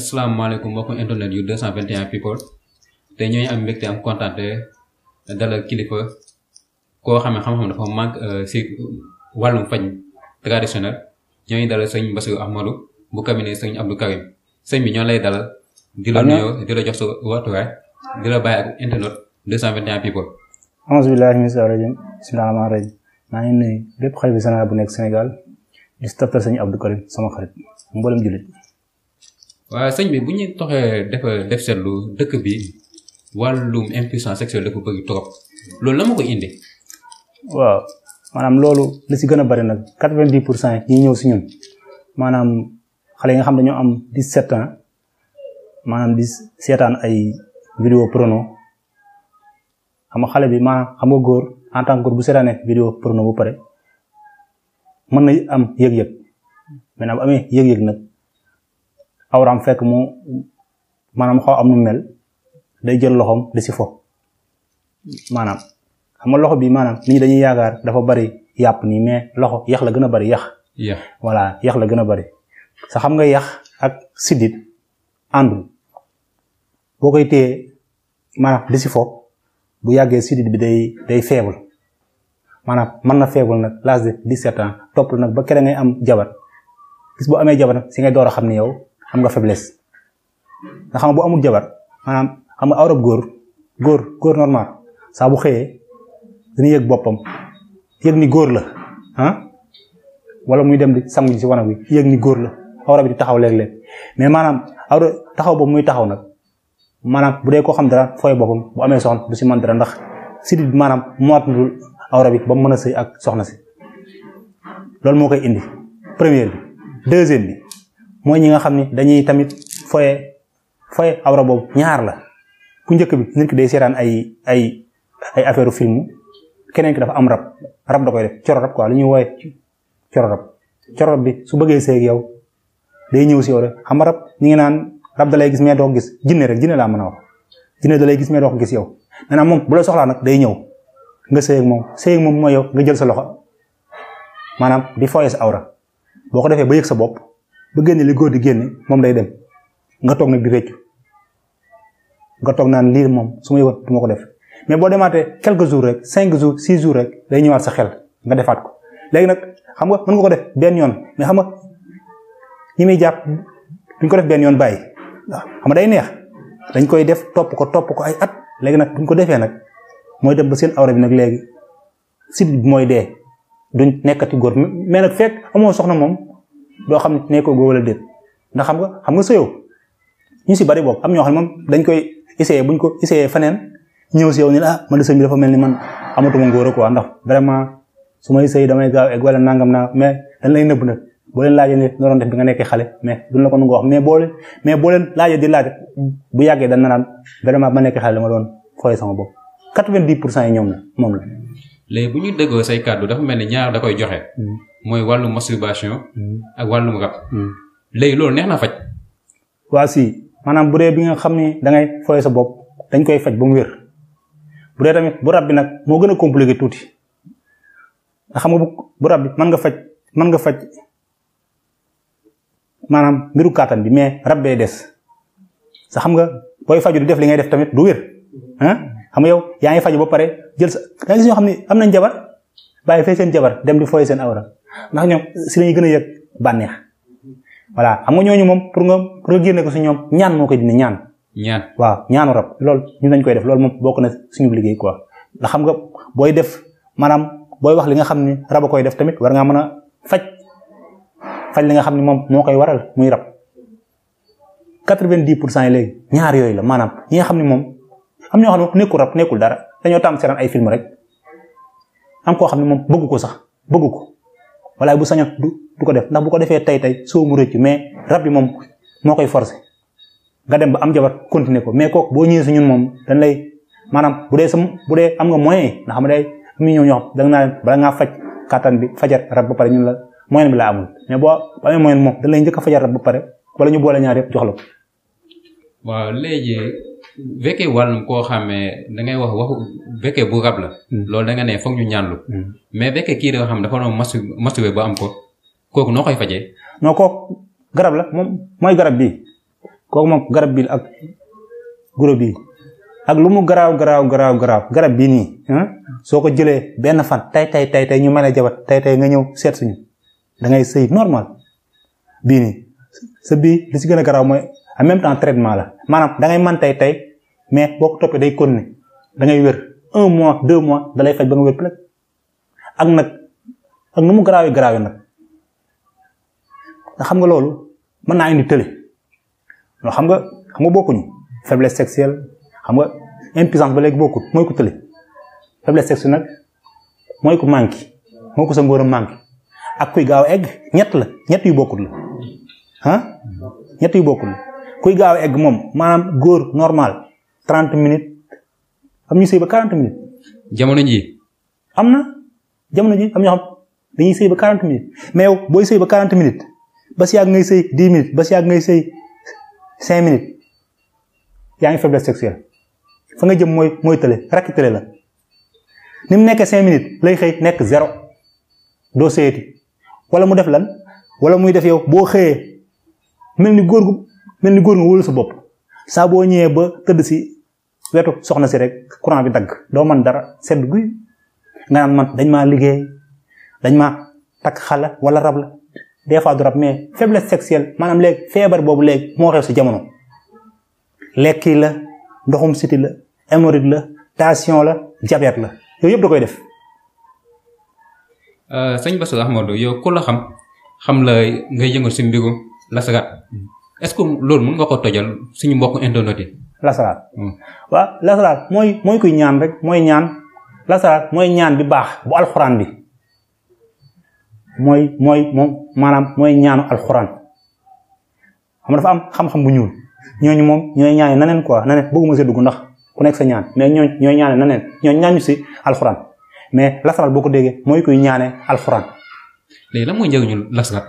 asalaamaaleykum mbokku internet yu 221 people te ñooñu am mbégte am kontaan dalal kilifa koo xam ne xam-xam dafa manque euh, si wàllum faj traditionnel ñooñu dalal sëñ Bassirou Ahmadou bu cabinet sëñ Abdou Karim sëñ bi ñoo lay dalal. di la nuyoo di la jox sa waxtuwaay di la bàyyi ak internet people. auzu billaahi mina shaytaani rajiim maa ngi nuyu bépp xarit bi Sénégal bu nekk Sénégal di staftal sëñ Abdou sama xarit mboolem jullit. waaw sëñ bi bu ñu toxee def def seetlu dëkk bi wàllum impuissance sexuelle dafa bëgg trop loolu la ma ko indi. waaw maanaam loolu la si gën a bari nag quatre vingt pour cent yi ñëw si ñun maanaam xale yi nga xam ne ñoo am di sept ans maanaam di seetaan ay vidéo prono am nga xale bi ma xam nga góor en tant que bu seetaanee vidéo porno bu pare mën na am yëg-yëg maintenant bu amee yëg-yëg nag. awraam fekk mu maanaam xaw am nu mel day jël loxoom di si fo maanaam xam nga loxo bi maanaam nit dañuy yaakaar dafa bari yàpp nii loxo yax la gën a bari yax. voilà yax la gën a bari. sa xam nga yax ak siddit àndul boo koy téye maanaam di si fo bu yàggee siddit bi day day faible maanaam mën na faible nag l'âge de 17 ans topp nag ba kere ngay am jabar bis boo amee jabar si ngay door a xam ne yow. xam nga faiblesse nga bu amul jabar maanaam xam nga awrab góor góor góor normal saa bu xëyee dina yëg boppam yëg ni góor la ah wala muy dem di sangu ji si wanag wi yëg góor la awra bi di taxaw léeg-léeg mais maanaam awra taxaw boobu muy taxaw nag maanaam bu dee koo xam dara fooy boppam bu amee soxna du si mën dara ndax si bi maanaam mootudul awra bi ba mu mën a sëy ak soxna si loolu moo koy indi première bi deuxième bi mooy ñi nga xam ni dañuy tamit foye foye awra boobu ñaar la bu njëkk bi nit ki day seetaan ay ay ay affaire film keneen ki dafa am rab rab da koy def coro rab quoi lu ñuy wooye coro rab coro rab bi su bëggee seeg yow day ñëw si yow rek ñu ngi naan rab da lay gis mais doo gis jinne rek jinne laa mën da lay gis mais doo gis yow maanaam moom bu la soxlaa nag day ñëw nga seeg moom seeg moom mooy yow nga jël sa loxo maanaam di foye sa awra boo ko defee ba yëg sa bopp ba génne li góor di génne moom day dem nga toog nag di réccu nga toog naan lii moom su ma yëgoon du ma ko def mais boo demaatee quelques jour rek cinq jours six jours rek day ñëwaat sa xel nga defaat ko léegi nag xam nga mën ko def benn yoon mais xam nga ñi muy jàpp duñ ko def benn yoon bàyyi waaw xam day neex dañ koy def topp ko topp ko ay at léegi nag buñ ko defee nag mooy dem ba seen awra bi nag léegi sit bi mooy dee duñ nekkati góor mais nag fekk amoo soxna moom doo xam ne ko góor wala déet ndax xam nga xam nga sëyoo ñu si bari boobu am ñoo xam ne moom dañ koy essayé buñ ko essayé feneen ñëw si yow ni ah man de sëy dafa mel ni man amatuma ngóor quoi ndax vraiment su may sëy damay gaaw egg wala naa mais dañ lay nëbb nag boo leen laajee ne noroon def bi nga nekkee xale mais duñ la ko nangoo wax mais boo leen mais boo di laaj bu yàggee dañ na naan vraiment ma nekkee xale ma doon fooye sama bopp quatre-vingt-dix pour cent yi ñoom la moom la léegi bu ñu déggoo say kàddu dafa mel ni ñaar da koy joxe mm. mooy wàllu masturbation mm. ak wàllum rab mm. léegi loolu neex na faj waa si maanaam bu dee bi nga xam ni dangay ngay sa bopp dañ koy faj ba mu wér bu dee tamit bu rab bi nag moo gën a compliqué tuuti xam nga bu rab bi mën nga faj mën nga faj maanaam mbiru kàttan bi mais rab bee des sa xam nga booy faju du def li ngay def tamit du wér xam nga yow yaa ngi faju ba pare jël sa nga xam ne am nañ jabar bàyyi fay seen jabar dem di fooy seen awra ndax ñoom si lañuy gën a yëg bànneex voilà xam nga ñooñu moom pour nga pour nga génne ko si ñoom ñaan moo koy dindi ñaan. ñaan waaw ñaanu rab loolu ñu nañ koy def loolu moom bokk na suñu liggéey ko ndax xam nga booy def maanaam booy wax li nga xam ni rab a koy def tamit war ngaa mën a faj faj li nga xam ne moom moo koy waral muy rab quatre-vingt-dix pour cent yi léegi ñaar yooyu la maanaam ñi xam ne moom am ñoo xam ne nekkul rab nekkul dara dañoo tàmm seetaan ay film rek am koo xam ne moom bëgg ko sax bëgg ko walaay bu sañoon du du ko def ndax bu ko defee tey tey soo mu rëcc mais rab bi moom moo koy forcer nga dem ba am jabar continuer ko mais kooku boo ñëwee si ñun moom dañ lay maanaam bu dee sam bu dee am nga moyen yi xam ne day mi ñëw ñoo xam da nga naa bala ngaa faj kàttan bi fajar rab ba pare ñun la moyen bi la amul mais boo amee moyen moom dañ lay njëkk a fajar rab ba pare wala ñu boole ñaar yëpp jox léegi fekkee wàllum koo xamee da ngay wax waxu fekkee bu rab la. Hmm. loolu da nga ne foog ñu ñaanlu. Hmm. mais fekkee kii da xam dafa doon masu masuwe ba am ko kooku noo koy fajee. non kook garab la moom mooy garab bi kooku moom garab bi ak guro bi ak lu mu garaaw garaaw garaaw garab bii nii soo ko jëlee benn fan tey tay tey tay ñu mën a jabat tey tey nga ñëw seet suñu dangay ngay sëy normal bii nii sa bii li ci gën a garaaw mooy en même temps traitement la maanaam da ngay tey tey mais boo ko toppee day continuer da ngay wér un mois deux mois da lay faj ba nga wér plek ak nag ak nu mu garaawee garaawee nag nga xam nga loolu mën naa indi tële loo xam nga xam nga bokkuñu faiblesse sexuelle xam nga impuissance ba léegi bokkut mooy ko tële faiblesse sexuelle nag mooy ko manqué mooy ko sa ngóor a ak kuy gaaw egg ñett la ñett yu bokkut la ah ñett yu bokkut la kuy gaaw egg moom maanaam góor normal trente minutes am ñu sëy ba quarante minutes. jamono ji am na jamono ji am ñoo xam dañuy sëy ba quarante minutes mais yow booy sëy ba quarante minutes ba si yàgg ngay sëy dix minutes ba si yàgg ngay sëy cinq minutes fa nga jëm mooy mooy tële rakk tële la ni mu nekkee minutes lay xëy nekk zéro doo sëyati wala mu def lan wala muy def yow boo xëyee mel ni góor gu mel ni góor nga wóolu sa bopp saa boo ñëwee ba tëdd si wetu soxna si rek courant bi dagg doo man dara sedd guy nga naan man dañ maa liggéey dañ ma takk xala wala rab la des fois du rab mais faiblesse sexuelle maanaam léegi feebar boobu léegi moo si jamono lekki la ndoxum siti la hémorroïde la tension la diabète la yooyu yëpp da koy def. Euh, sëñ Bassirou Ahmadou yow ku la xam xam la ngay yëngu si mbiru lasaraat est-ce que loolu mën nga ko tojal suñu mbokk internet yi. lasaraat. Hmm. waaw lasaraat mooy mooy kuy ñaan rek mooy ñaan lasaraat mooy ñaan bi baax bu alxuraan bi mooy mooy moom maanaam mooy ñaanu alxuraan xam dafa am xam-xam bu ñuul ñooñu moom ñooy ñaane naneen quoi naneen bëgguma si dugg ndax ku nekk sa ñaan mais ñooñu ñooy ñaane naneen ñooñu ñaañu si alxuraan mais lasaraat boo ko déggee mooy koy ñaane alxuraan. léegi lan mooy njëriñu lasaraat.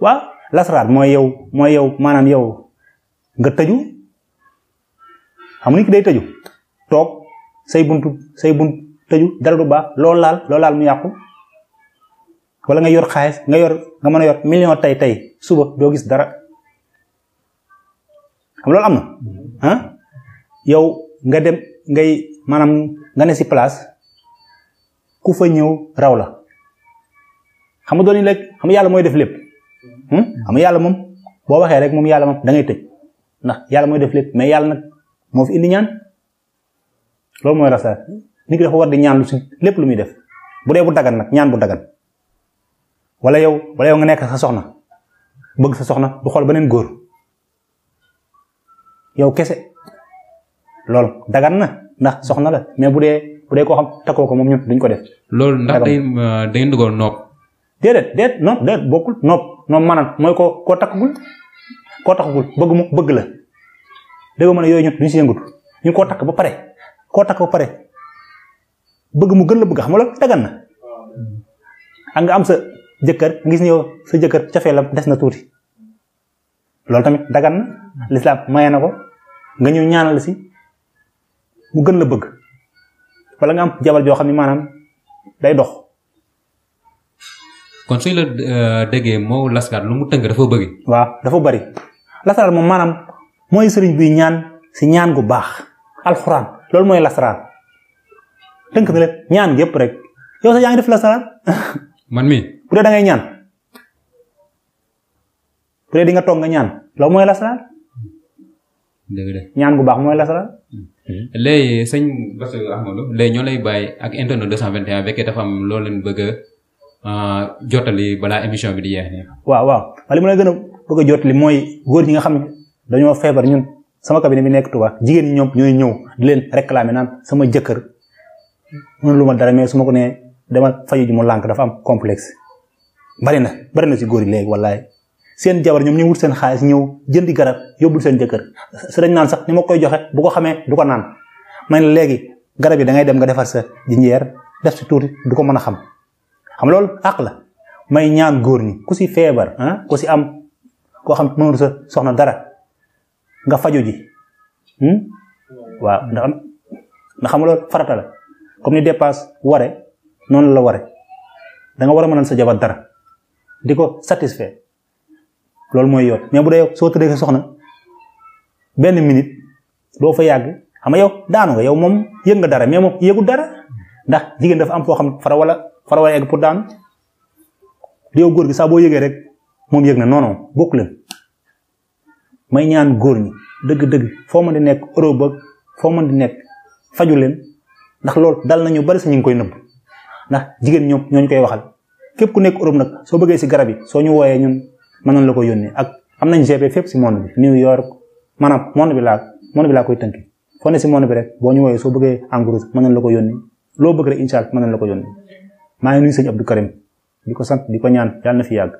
waaw lasaraar mooy yow mooy yow maanaam yow nga tëju xam nit ki day tëju toog say buntu say buntu tëju dara du baax lool laal loolu laal mu yàqu walla nga yor xaalis nga yor nga mën a yor million tey tey suba doo gis dara xam loolu am na ah yow nga dem ngay maanaam nga ne si place ku fa ñëw raw la xam nga doon léegi yàlla mooy def lépp. Hmm? Hmm. xam yàlla moom boo waxee rek moom yàlla moom da ngay tëj ndax yàlla mooy def lépp mais yàlla nag moo fi indi ñaan loolu mooy rasa nit ki dafa war di ñaan lu si lépp lu muy def bu dee bu dagan ñaan bu dagan wala yow yow nga nekk sa soxna bëgg sa soxna du xool beneen góor yow kese loolu dagan na ndax soxna la mais bu dee bu dee koo xam takkoo ko moom ñun duñ ko def. loolu ndax day euh, day dugal nopp. déedéet déet bokkul nopp. noonu maanaam mooy ko koo takkagul koo bëgg mu bëgg la dégg nga ma ne yooyu ñun duñ si yëngatu ñu koo takk ba pare koo takk ba pare bëgg mu gën la bëgg xam loolu dagan na a nga am sa jëkkër gis ni yow sa jëkkër cafeelam des na tuuti loolu tamit dagan na lislaam maye ko nga ñëw ñaanal si mu gën la bëgg wala nga am jabar joo xam ne maanaam day dox. kon suñ la euh, déggee moo lasraar lu mu tënk dafa bëri. waaw dafa bari lasraar moom maanaam mooy sëriñ buy ñaan si ñaan gu baax alxuraan loolu mooy lasraar tënk na lépp ñaan mi bu nga toog ñaan loolu mooy lasraar. dëgg ñaan gu baax mooy lasraar. Mm-hmm. léegi ñoo lay bàyyi ak internet 221 bu fekkee dafa am loo leen bëgg Euh, jottali balaa émission bi di yeex nii. waaw waaw li ma la gën a bëgg a jottali mooy góor ñi nga xam ne dañoo feebar ñun sama cabinet bi nekk Touba jigéen ñi ñoom ñooy ñëw di leen réclamer naan sama jëkkër mënuluma dara mais su ma ko nee dama faju ji mu lànk dafa am complexe. bari na bari na si góor yi léegi wallaay seen jabar ñoom ñu wut seen xaalis ñëw jëndi garab yóbbul seen jëkkër si dañ naan sax ni ma koy joxe bu ko xamee du ko naan man léegi garab yi da ngay dem nga defar sa jinjeer def si tuuti du ko mën a xam xam loolu àq la may ñaan góor ni ku si feebar ah ku si am koo xam mënul sa soxna dara nga faju ji hmm? waaw ndax ndax xam loolu farata la comme ni dépasse ware noonu la ware da war a mënal sa jabar dara di ko satisfaire loolu mooy yoon mais bu dee soo tëddee sa soxna benn minute doo fa yàgg xam nga yow daanu nga yow moom yëg nga dara mais moom yëgul dara ndax jigéen dafa am foo xam fara wala. fa la war egg pour daan yow góor gi saa boo yëgee rek moom yëg na non bokk leen may ñaan góor ñi dëgg-dëgg foo mën di nekk Europe ak foo mën di nekk faju leen ndax loolu dal nañu bari sa ñu ngi koy nëbb ndax jigéen ñoom ñoo ñu koy waxal képp ku nekk Europe nag soo bëggee si garab soo ñu wooyee ñun mën nañ la ko ni ak am na GP fépp si monde bi New York maanaam a bi laa monde bi laa koy tënk foo ne si monde bi rek boo ñu wooyee soo bëggee en gros mën la ko yónnee loo bëgg rek mën nañ la ko yónnee maa ngi nuyu sëñ Abdou Karim di ko sant di ko ñaan yàlla na fi yàgg